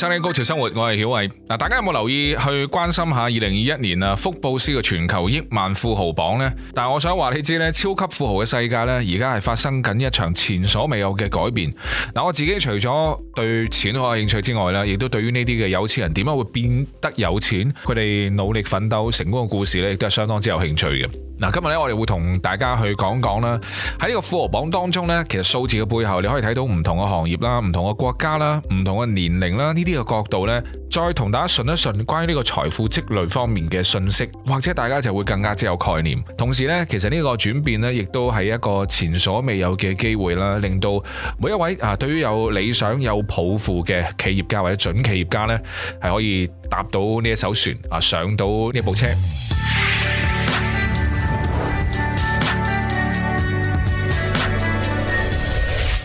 生呢高潮生活，我係曉偉。嗱，大家有冇留意去關心下二零二一年啊福布斯嘅全球億萬富豪榜呢？但係我想話你知呢，超級富豪嘅世界呢，而家係發生緊一場前所未有嘅改變。嗱，我自己除咗對錢好有興趣之外呢，亦都對於呢啲嘅有錢人點解會變得有錢，佢哋努力奮鬥成功嘅故事呢，亦都係相當之有興趣嘅。嗱，今日咧我哋會同大家去講講啦，喺呢個富豪榜當中呢，其實數字嘅背後你可以睇到唔同嘅行業啦、唔同嘅國家啦、唔同嘅年齡啦，呢啲嘅角度呢，再同大家順一順關於呢個財富積累方面嘅信息，或者大家就會更加之有概念。同時呢，其實呢個轉變呢，亦都係一個前所未有嘅機會啦，令到每一位啊，對於有理想有抱負嘅企業家或者準企業家呢，係可以搭到呢一艘船啊，上到呢部車。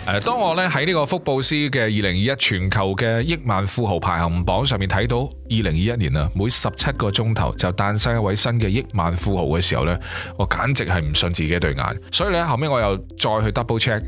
誒，當我呢喺呢個福布斯嘅二零二一全球嘅億萬富豪排行榜上面睇到二零二一年啊，每十七個鐘頭就誕生一位新嘅億萬富豪嘅時候呢，我簡直係唔信自己對眼，所以呢，後尾我又再去 double check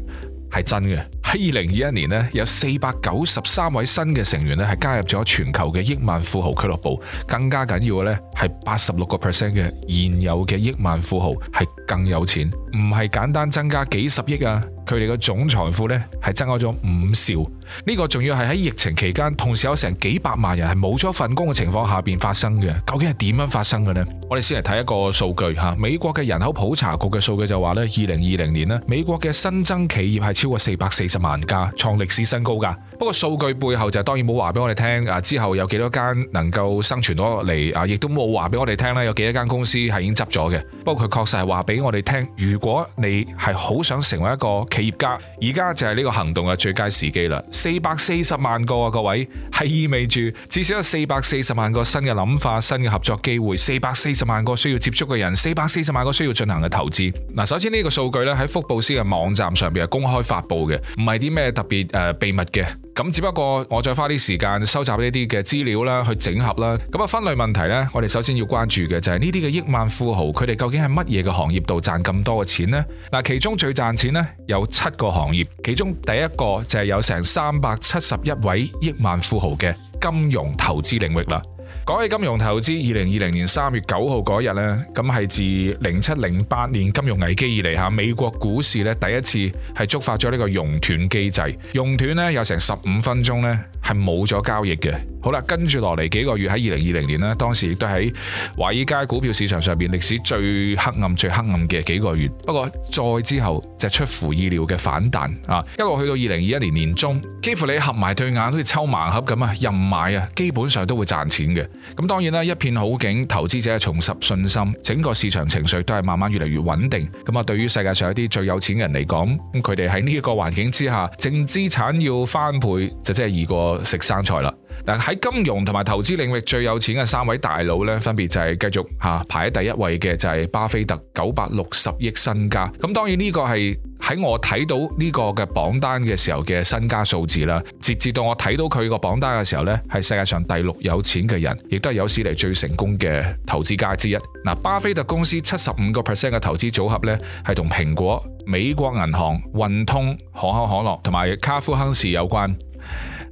係真嘅。喺二零二一年呢，有四百九十三位新嘅成員呢，係加入咗全球嘅億萬富豪俱樂部。更加緊要嘅呢，係八十六個 percent 嘅現有嘅億萬富豪係更有錢，唔係簡單增加幾十億啊！佢哋嘅總財富呢，係增加咗五兆。呢個仲要係喺疫情期間，同時有成幾百萬人係冇咗份工嘅情況下邊發生嘅。究竟係點樣發生嘅呢？我哋先嚟睇一個數據吓，美國嘅人口普查局嘅數據就話呢，二零二零年呢，美國嘅新增企業係超過四百四十萬家創歷史新高噶，不過數據背後就當然冇話俾我哋聽啊，之後有幾多間能夠生存到落嚟啊，亦都冇話俾我哋聽咧，有幾多間公司係已經執咗嘅。不過佢確實係話俾我哋聽，如果你係好想成為一個企業家，而家就係呢個行動嘅最佳時機啦。四百四十萬個啊，各位係意味住至少有四百四十萬個新嘅諗法、新嘅合作機會、四百四十萬個需要接觸嘅人、四百四十萬個需要進行嘅投資。嗱，首先呢個數據咧，喺福布斯嘅網站上邊係公開發佈嘅。唔係啲咩特別誒秘密嘅，咁只不過我再花啲時間收集呢啲嘅資料啦，去整合啦，咁啊分類問題呢，我哋首先要關注嘅就係呢啲嘅億萬富豪，佢哋究竟係乜嘢嘅行業度賺咁多嘅錢呢？嗱，其中最賺錢呢，有七個行業，其中第一個就係有成三百七十一位億萬富豪嘅金融投資領域啦。講起金融投資，二零二零年三月九號嗰日呢，咁係自零七零八年金融危機以嚟吓，美國股市呢第一次係觸發咗呢個熔斷機制，熔斷呢，有成十五分鐘呢，係冇咗交易嘅。好啦，跟住落嚟幾個月喺二零二零年呢，當時亦都喺華爾街股票市場上邊歷史最黑暗、最黑暗嘅幾個月。不過再之後就是出乎意料嘅反彈啊，一路去到二零二一年年中，幾乎你合埋對眼，好似抽盲盒咁啊，任買啊，基本上都會賺錢嘅。咁當然啦，一片好景，投資者重拾信心，整個市場情緒都係慢慢越嚟越穩定。咁啊，對於世界上一啲最有錢嘅人嚟講，佢哋喺呢一個環境之下，淨資產要翻倍，就真係易過食生菜啦。嗱喺金融同埋投資領域最有錢嘅三位大佬呢，分別就係繼續嚇排喺第一位嘅就係巴菲特，九百六十億身家。咁當然呢個係喺我睇到呢個嘅榜單嘅時候嘅身家數字啦。直至到我睇到佢個榜單嘅時候呢，係世界上第六有錢嘅人，亦都係有史嚟最成功嘅投資家之一。嗱，巴菲特公司七十五個 percent 嘅投資組合呢，係同蘋果、美國銀行、運通、可口可樂同埋卡夫亨氏有關。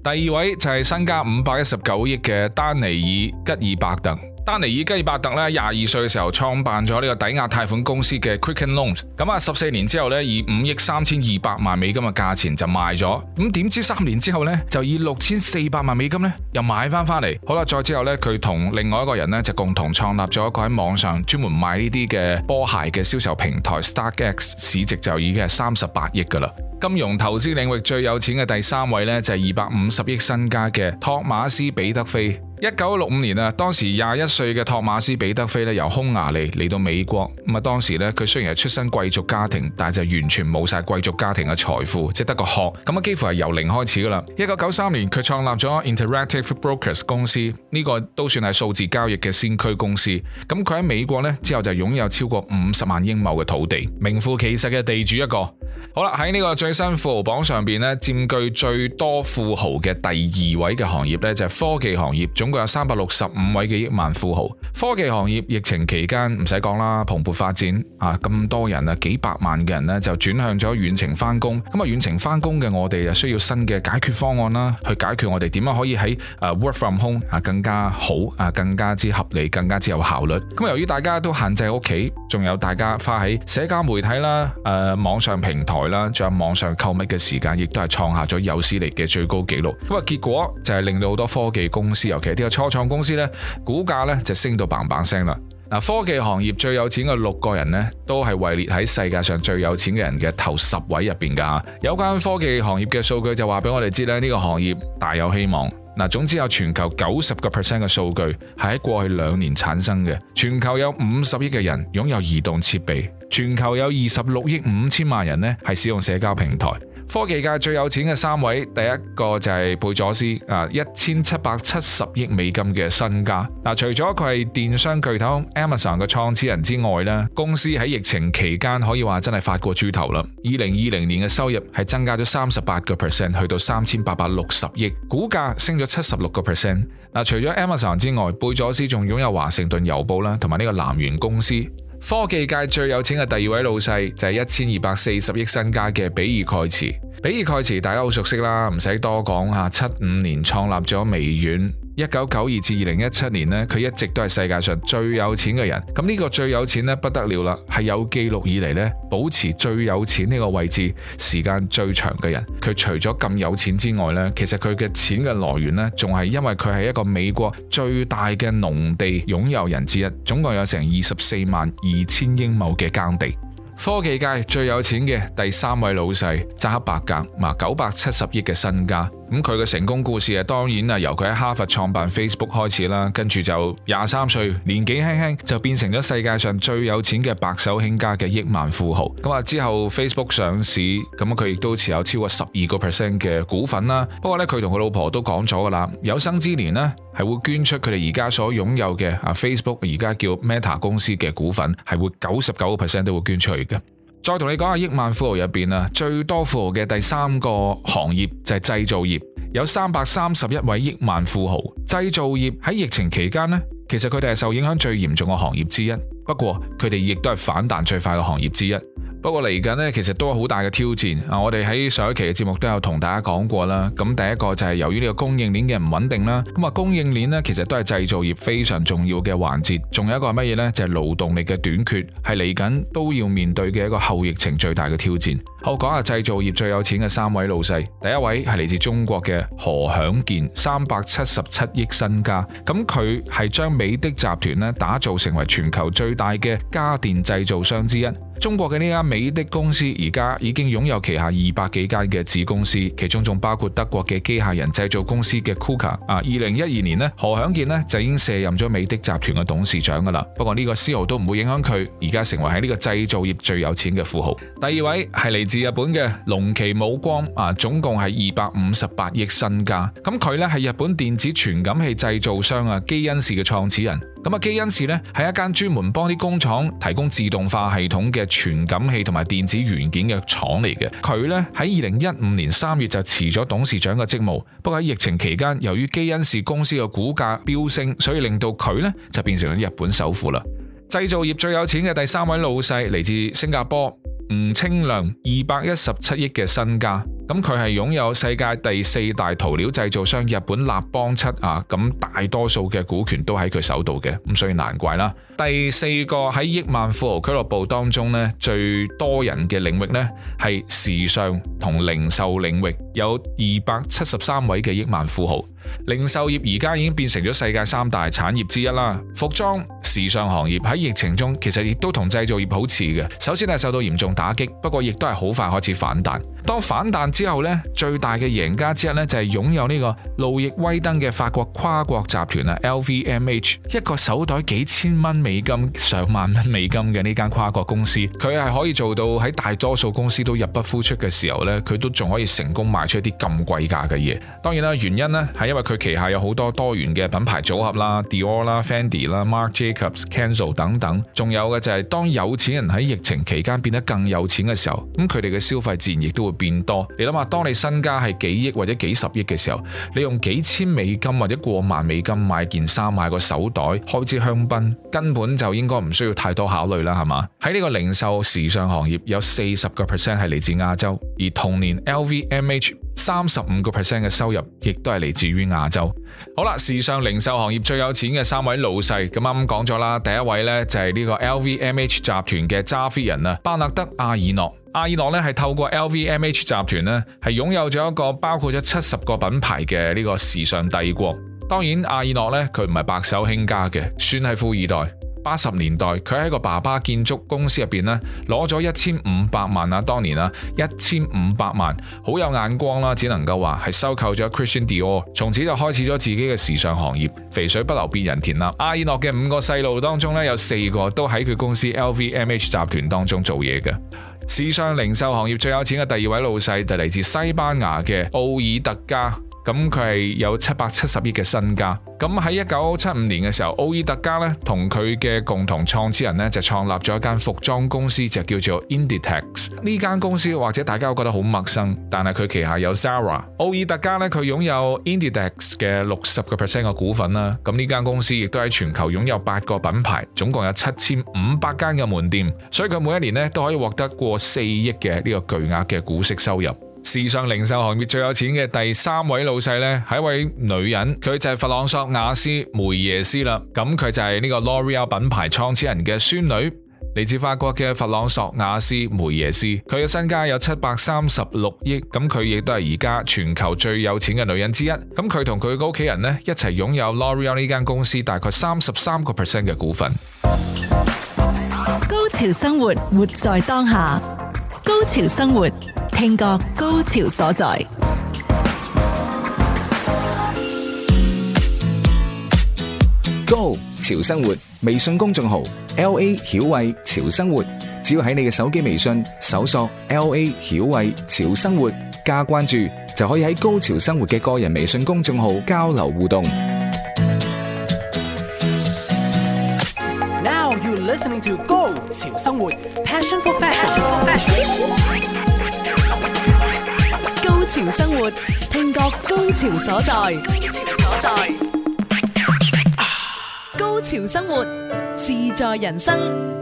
第二位就係身家五百一十九億嘅丹尼爾·吉爾伯特。丹尼爾基伯特咧，廿二歲嘅時候創辦咗呢個抵押貸款公司嘅 Quicken Loans，咁啊，十四年之後呢，以五億三千二百萬美金嘅價錢就賣咗，咁點知三年之後呢，就以六千四百萬美金呢，又買翻翻嚟。好啦，再之後呢，佢同另外一個人呢，就共同創立咗一個喺網上專門賣呢啲嘅波鞋嘅銷售平台 StockX，市值就已經係三十八億噶啦。金融投資領域最有錢嘅第三位呢，就係二百五十億身家嘅托馬斯彼得菲。一九六五年啊，當時廿一歲嘅托馬斯彼得菲咧由匈牙利嚟到美國，咁啊當時咧佢雖然係出身貴族家庭，但係就完全冇晒貴族家庭嘅財富，即係得個殼，咁啊幾乎係由零開始噶啦。一九九三年佢創立咗 Interactive Brokers 公司，呢個都算係數字交易嘅先驅公司。咁佢喺美國咧之後就擁有超過五十萬英畝嘅土地，名副其實嘅地主一個。好啦，喺呢個最新富豪榜上邊呢，佔據最多富豪嘅第二位嘅行業呢，就係、是、科技行業，總共有三百六十五位嘅億萬富豪。科技行業疫情期間唔使講啦，蓬勃發展啊，咁多人啊，幾百萬嘅人呢，就轉向咗遠程返工。咁啊，遠程返工嘅我哋就需要新嘅解決方案啦，去解決我哋點樣可以喺 work from home 啊更加好啊，更加之合理，更加之有效率。咁啊，由於大家都限制屋企，仲有大家花喺社交媒體啦，誒、呃、網上平台，仲有網上購物嘅時間，亦都係創下咗有史嚟嘅最高紀錄。咁啊，結果就係令到好多科技公司，尤其係呢個初創公司呢，股價呢就升到棒棒聲啦。嗱，科技行業最有錢嘅六個人呢，都係位列喺世界上最有錢嘅人嘅頭十位入邊噶。有關科技行業嘅數據就話俾我哋知咧，呢個行業大有希望。嗱，總之有全球九十個 percent 嘅數據係喺過去兩年產生嘅，全球有五十億嘅人擁有移動設備。全球有二十六億五千萬人咧，係使用社交平台。科技界最有錢嘅三位，第一個就係貝佐斯啊，一千七百七十億美金嘅身家。嗱，除咗佢係電商巨頭 Amazon 嘅創始人之外咧，公司喺疫情期間可以話真係發過豬頭啦。二零二零年嘅收入係增加咗三十八個 percent，去到三千八百六十億，股價升咗七十六個 percent。嗱，除咗 Amazon 之外，貝佐斯仲擁有華盛頓郵報啦，同埋呢個南元公司。科技界最有錢嘅第二位老細就係一千二百四十億身家嘅比爾蓋茨。比爾蓋茨大家好熟悉啦，唔使多講吓，七五年創立咗微軟。一九九二至二零一七年呢，佢一直都係世界上最有錢嘅人。咁、這、呢個最有錢呢，不得了啦，係有紀錄以嚟，呢保持最有錢呢個位置時間最長嘅人。佢除咗咁有錢之外呢，其實佢嘅錢嘅來源呢，仲係因為佢係一個美國最大嘅農地擁有人之一，總共有成二十四萬二千英畝嘅耕地。科技界最有錢嘅第三位老細扎克伯格，嘛九百七十億嘅身家。咁佢嘅成功故事啊，當然啊，由佢喺哈佛創辦 Facebook 開始啦，跟住就廿三歲年紀輕輕就變成咗世界上最有錢嘅白手興家嘅億萬富豪。咁啊之後 Facebook 上市，咁佢亦都持有超過十二個 percent 嘅股份啦。不過呢，佢同佢老婆都講咗噶啦，有生之年呢，係會捐出佢哋而家所擁有嘅啊 Facebook 而家叫 Meta 公司嘅股份，係會九十九個 percent 都會捐出去嘅。再同你講下億萬富豪入邊啦，最多富豪嘅第三個行業就係製造業，有三百三十一位億萬富豪。製造業喺疫情期間呢，其實佢哋係受影響最嚴重嘅行業之一，不過佢哋亦都係反彈最快嘅行業之一。不過嚟緊呢，其實都係好大嘅挑戰啊！我哋喺上一期嘅節目都有同大家講過啦。咁第一個就係由於呢個供應鏈嘅唔穩定啦。咁啊，供應鏈呢，其實都係製造業非常重要嘅環節。仲有一個係乜嘢呢？就係勞動力嘅短缺，係嚟緊都要面對嘅一個後疫情最大嘅挑戰。我講下製造業最有錢嘅三位老細，第一位係嚟自中國嘅何享健，三百七十七億身家。咁佢係將美的集團呢，打造成為全球最大嘅家電製造商之一。中國嘅呢間美的公司而家已經擁有旗下二百幾間嘅子公司，其中仲包括德國嘅機械人製造公司嘅庫卡。啊，二零一二年呢，何享健呢就已經卸任咗美的集團嘅董事長噶啦。不過呢個絲毫都唔會影響佢而家成為喺呢個製造業最有錢嘅富豪。第二位係嚟自日本嘅龍崎武光。啊，總共係二百五十八億身家。咁佢呢係日本電子傳感器製造商啊基恩士嘅創始人。咁啊，基恩士咧係一間專門幫啲工廠提供自動化系統嘅傳感器同埋電子元件嘅廠嚟嘅。佢咧喺二零一五年三月就辭咗董事長嘅職務。不過喺疫情期間，由於基恩士公司嘅股價飆升，所以令到佢咧就變成咗日本首富啦。製造業最有錢嘅第三位老細嚟自新加坡，吳清亮，二百一十七億嘅身家。咁佢係擁有世界第四大塗料製造商日本立邦漆啊，咁大多數嘅股權都喺佢手度嘅，咁所以難怪啦。第四個喺億萬富豪俱樂部當中呢，最多人嘅領域呢係時尚同零售領域，有二百七十三位嘅億萬富豪。零售業而家已經變成咗世界三大產業之一啦。服裝時尚行業喺疫情中其實亦都同製造業好似嘅，首先係受到嚴重打擊，不過亦都係好快開始反彈。當反彈之後呢，最大嘅贏家之一呢，就係擁有呢個路易威登嘅法國跨國集團啊 （LVMH），一個手袋幾千蚊美金、上萬蚊美金嘅呢間跨國公司，佢係可以做到喺大多數公司都入不敷出嘅時候呢，佢都仲可以成功賣出一啲咁貴價嘅嘢。當然啦，原因呢，係因為佢旗下有好多多元嘅品牌組合啦，Dior 啦、Fendi 啦、Marc Jacobs、Kenzo 等等，仲有嘅就係、是、當有錢人喺疫情期間變得更有錢嘅時候，咁佢哋嘅消費自然亦都會變多。你諗下，當你身家係幾億或者幾十億嘅時候，你用幾千美金或者過萬美金買件衫、買個手袋、開支香檳，根本就應該唔需要太多考慮啦，係嘛？喺呢個零售時尚行業，有四十個 percent 係嚟自亞洲，而同年 LVMH。三十五個 percent 嘅收入，亦都係嚟自於亞洲。好啦，時尚零售行業最有錢嘅三位老細，咁啱講咗啦。第一位呢，就係呢個 LVMH 集團嘅揸 fit 人啊，巴納德·阿爾諾。阿爾諾呢，係透過 LVMH 集團呢，係擁有咗一個包括咗七十個品牌嘅呢個時尚帝國。當然，阿爾諾呢，佢唔係白手興家嘅，算係富二代。八十年代，佢喺個爸爸建築公司入邊咧，攞咗一千五百萬啊！當年啊，一千五百萬，好有眼光啦，只能夠話係收購咗 Christian Dior，從此就開始咗自己嘅時尚行業。肥水不流別人田啦！阿爾諾嘅五個細路當中呢，有四個都喺佢公司 LVMH 集團當中做嘢嘅。時尚零售行業最有錢嘅第二位老細就嚟自西班牙嘅奧爾特加。咁佢係有七百七十億嘅身家。咁喺一九七五年嘅時候，奧爾特加咧同佢嘅共同創始人咧就創立咗一間服裝公司，就叫做 Inditex。呢間公司或者大家覺得好陌生，但係佢旗下有 Zara。奧爾特加咧佢擁有 Inditex 嘅六十個 percent 嘅股份啦。咁呢間公司亦都喺全球擁有八個品牌，總共有七千五百間嘅門店。所以佢每一年咧都可以獲得過四億嘅呢個巨額嘅股息收入。時尚零售行業最有錢嘅第三位老細呢，係一位女人，佢就係弗朗索瓦斯梅耶斯啦。咁佢就係呢個 L'Oreal 品牌創始人嘅孫女，嚟自法國嘅弗朗索瓦斯梅耶斯。佢嘅身家有七百三十六億，咁佢亦都係而家全球最有錢嘅女人之一。咁佢同佢個屋企人呢，一齊擁有 L'Oreal 呢間公司大概三十三個 percent 嘅股份。高潮生活，活在當下。高潮生活。聽覺高潮所在。Go 潮生活微信公眾號 L A 曉慧潮生活，只要喺你嘅手機微信搜索 L A 曉慧潮生活加關注，就可以喺高潮生活嘅個人微信公眾號交流互動。Now you're listening to Go 潮生活，Passion for fashion。高潮生活，聽覺高潮所在。高潮所在。高潮生活，自在人生。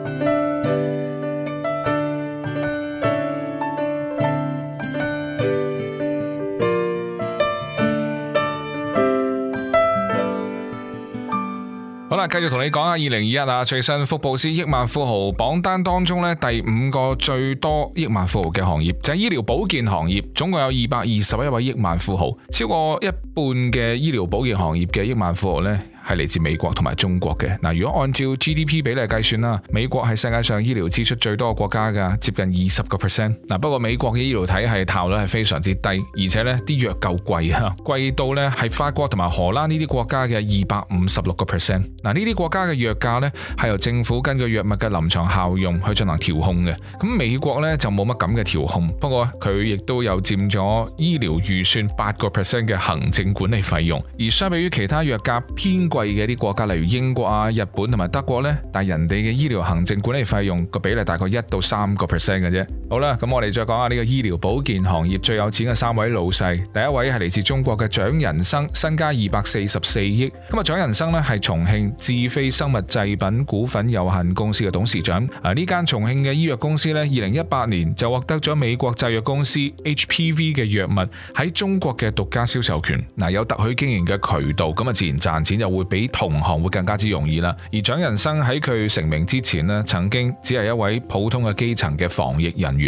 繼續同你講下，二零二一啊，最新福布斯億萬富豪榜單當中咧，第五個最多億萬富豪嘅行業就係醫療保健行業，總共有二百二十一位億萬富豪，超過一半嘅醫療保健行業嘅億萬富豪呢。係嚟自美國同埋中國嘅。嗱，如果按照 GDP 比例計算啦，美國係世界上醫療支出最多嘅國家噶接近二十個 percent。嗱，不過美國嘅醫療體系效率係非常之低，而且呢啲藥夠貴啊，貴到呢係法國同埋荷蘭呢啲國家嘅二百五十六個 percent。嗱，呢啲國家嘅藥價呢係由政府根據藥物嘅臨床效用去進行調控嘅，咁美國呢就冇乜咁嘅調控。不過佢亦都有佔咗醫療預算八個 percent 嘅行政管理費用，而相比於其他藥價偏貴嘅啲國家，例如英國啊、日本同埋德國呢，但係人哋嘅醫療行政管理費用個比例大概一到三個 percent 嘅啫。好啦，咁我哋再講下呢個醫療保健行業最有錢嘅三位老細。第一位係嚟自中國嘅蔣仁生，身家二百四十四億。咁啊，蔣仁生呢係重慶智飛生物製品股份有限公司嘅董事長。啊，呢間重慶嘅醫藥公司呢，二零一八年就獲得咗美國製藥公司 HPV 嘅藥物喺中國嘅獨家銷售權。嗱、啊，有特許經營嘅渠道，咁啊，自然賺錢就會比同行會更加之容易啦。而蔣仁生喺佢成名之前呢，曾經只係一位普通嘅基層嘅防疫人員。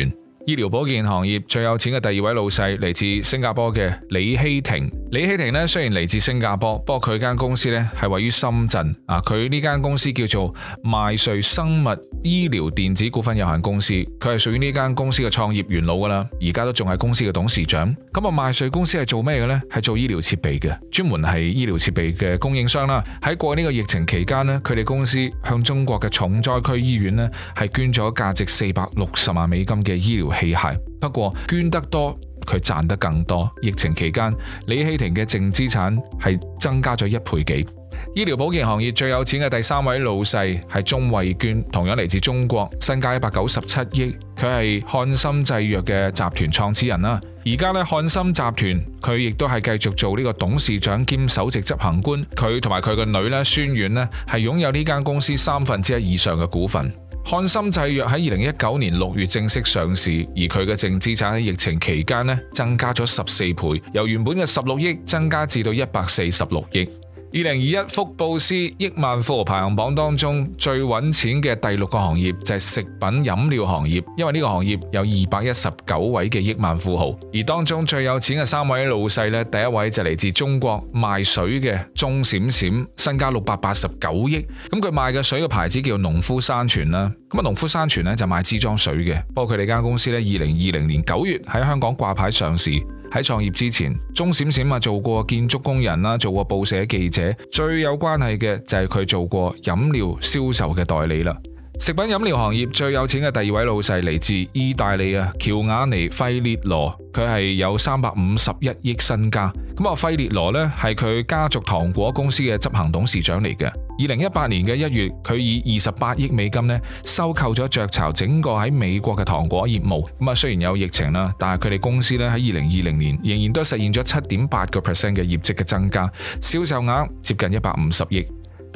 醫療保健行業最有錢嘅第二位老細，嚟自新加坡嘅李希庭。李希霆咧，雖然嚟自新加坡，不過佢間公司咧係位於深圳啊。佢呢間公司叫做邁瑞生物醫療電子股份有限公司，佢係屬於呢間公司嘅創業元老噶啦，而家都仲係公司嘅董事長。咁啊，邁瑞公司係做咩嘅呢？係做醫療設備嘅，專門係醫療設備嘅供應商啦。喺過去呢個疫情期間呢，佢哋公司向中國嘅重災區醫院呢係捐咗價值四百六十萬美金嘅醫療器械。不過捐得多，佢賺得更多。疫情期間，李希霆嘅淨資產係增加咗一倍幾。醫療保健行業最有錢嘅第三位老細係鍾慧娟，同樣嚟自中國，身家一百九十七億。佢係漢森製藥嘅集團創始人啦。而家呢漢森集團佢亦都係繼續做呢個董事長兼首席執行官。佢同埋佢個女咧，孫遠呢，係擁有呢間公司三分之一以上嘅股份。翰森製藥喺二零一九年六月正式上市，而佢嘅淨資產喺疫情期間呢增加咗十四倍，由原本嘅十六億增加至到一百四十六億。二零二一福布斯億萬富豪排行榜當中最搵錢嘅第六個行業就係食品飲料行業，因為呢個行業有二百一十九位嘅億萬富豪，而當中最有錢嘅三位老細咧，第一位就嚟自中國賣水嘅鐘閃閃，身家六百八十九億，咁佢賣嘅水嘅牌子，叫農夫山泉啦，咁啊農夫山泉咧就賣支裝水嘅，不過佢哋間公司咧二零二零年九月喺香港掛牌上市。喺創業之前，鐘睒睒啊做過建築工人啦，做過報社記者，最有關係嘅就係佢做過飲料銷售嘅代理啦。食品飲料行業最有錢嘅第二位老細嚟自意大利啊，喬瓦尼費列羅，佢係有三百五十一億身家。咁啊，費列羅呢係佢家族糖果公司嘅執行董事長嚟嘅。二零一八年嘅一月，佢以二十八億美金呢收購咗雀巢整個喺美國嘅糖果業務。咁啊，雖然有疫情啦，但係佢哋公司呢喺二零二零年仍然都實現咗七點八個 percent 嘅業績嘅增加，銷售額接近一百五十億。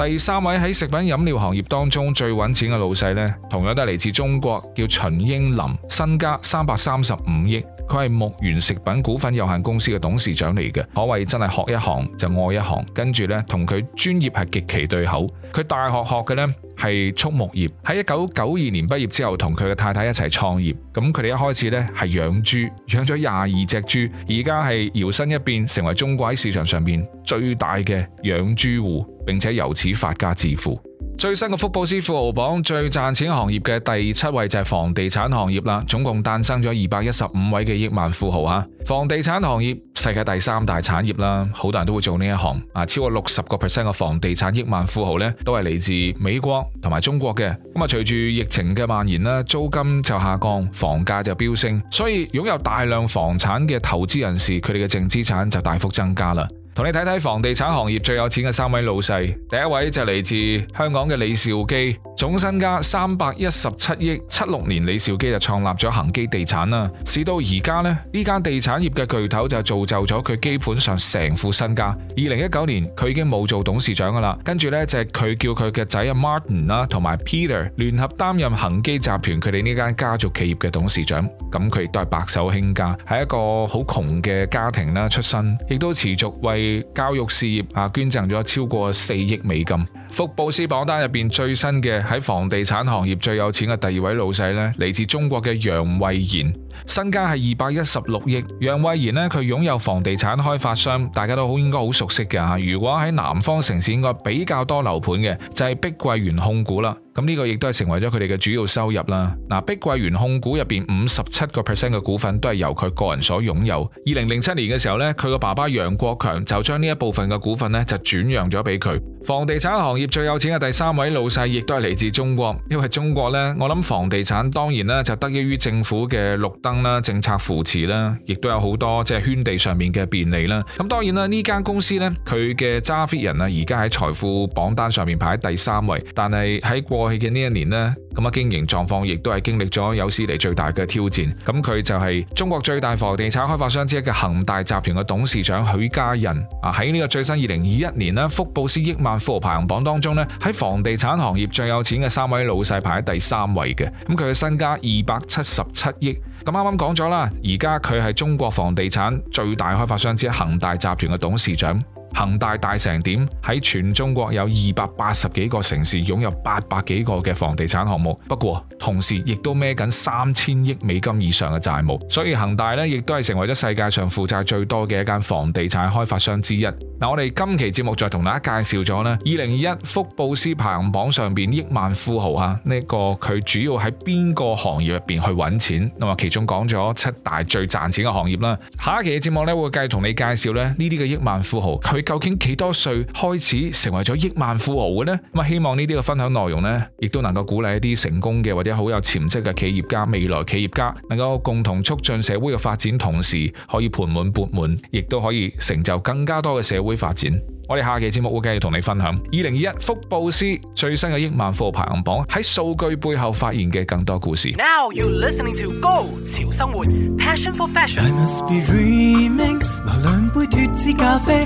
第三位喺食品飲料行業當中最揾錢嘅老細咧，同樣都係嚟自中國，叫秦英林，身家三百三十五億。佢係牧原食品股份有限公司嘅董事長嚟嘅，可謂真係學一行就愛一行。跟住呢，同佢專業係極其對口。佢大學學嘅呢係畜牧業。喺一九九二年畢業之後，同佢嘅太太一齊創業。咁佢哋一開始呢係養豬，養咗廿二隻豬，而家係搖身一變成為中國喺市場上邊最大嘅養豬戶。並且由此發家致富。最新嘅福布斯富豪榜最賺錢行業嘅第七位就係房地產行業啦，總共誕生咗二百一十五位嘅億萬富豪啊！房地產行業世界第三大產業啦，好多人都會做呢一行啊。超過六十個 percent 嘅房地產億萬富豪呢，都係嚟自美國同埋中國嘅。咁啊，隨住疫情嘅蔓延啦，租金就下降，房價就飆升，所以擁有大量房產嘅投資人士，佢哋嘅淨資產就大幅增加啦。同你睇睇房地產行業最有錢嘅三位老細，第一位就嚟自香港嘅李兆基，總身家三百一十七億。七六年，李兆基就創立咗恒基地產啦。事到而家呢，呢間地產業嘅巨頭就造就咗佢基本上成副身家。二零一九年，佢已經冇做董事長㗎喇，跟住呢，就係佢叫佢嘅仔阿 Martin 啦，同埋 Peter 聯合擔任恒基集團佢哋呢間家族企業嘅董事長。咁佢亦都係白手興家，係一個好窮嘅家庭啦出身，亦都持續為。教育事業啊，捐贈咗超過四億美金。福布斯榜單入邊最新嘅喺房地產行業最有錢嘅第二位老細呢，嚟自中國嘅楊慧賢。身家係二百一十六億，楊惠妍呢，佢擁有房地產開發商，大家都好應該好熟悉嘅吓。如果喺南方城市，應該比較多樓盤嘅就係、是、碧桂園控股啦。咁、這、呢個亦都係成為咗佢哋嘅主要收入啦。嗱，碧桂園控股入邊五十七個 percent 嘅股份都係由佢個人所擁有。二零零七年嘅時候呢，佢個爸爸楊國強就將呢一部分嘅股份呢就轉讓咗俾佢。房地產行業最有錢嘅第三位老細亦都係嚟自中國，因為中國呢，我諗房地產當然呢就得益於政府嘅綠啦，政策扶持啦，亦都有好多即係圈地上面嘅便利啦。咁當然啦，呢間公司咧，佢嘅揸 fit 人啊，而家喺財富榜單上面排喺第三位，但係喺過去嘅呢一年咧。咁啊，經營狀況亦都係經歷咗有史嚟最大嘅挑戰。咁佢就係中國最大房地產開發商之一嘅恒大集團嘅董事長許家印。啊，喺呢個最新二零二一年咧，福布斯億萬富豪排行榜當中咧，喺房地產行業最有錢嘅三位老細排喺第三位嘅。咁佢嘅身家二百七十七億。咁啱啱講咗啦，而家佢係中國房地產最大開發商之一恒大集團嘅董事長。恒大大成點喺全中國有二百八十幾個城市擁有八百幾個嘅房地產項目，不過同時亦都孭緊三千億美金以上嘅債務，所以恒大呢，亦都係成為咗世界上負債最多嘅一間房地產開發商之一。嗱，我哋今期節目再同大家介紹咗呢二零二一福布斯排行榜上邊億萬富豪啊，呢、這、一個佢主要喺邊個行業入邊去揾錢，同埋其中講咗七大最賺錢嘅行業啦。下一期嘅節目呢，會繼續同你介紹咧呢啲嘅億萬富豪。你究竟幾多歲開始成為咗億萬富豪嘅呢？咁希望呢啲嘅分享內容呢，亦都能夠鼓勵一啲成功嘅或者好有潛質嘅企業家，未來企業家能夠共同促進社會嘅發展，同時可以盆滿缽滿，亦都可以成就更加多嘅社會發展。我哋下期節目會繼續同你分享二零二一福布斯最新嘅億萬富豪排行榜，喺數據背後發現嘅更多故事。Now you're listening to go 潮生活，passion for fashion。I must be dreaming。嗱，兩杯脫脂咖啡。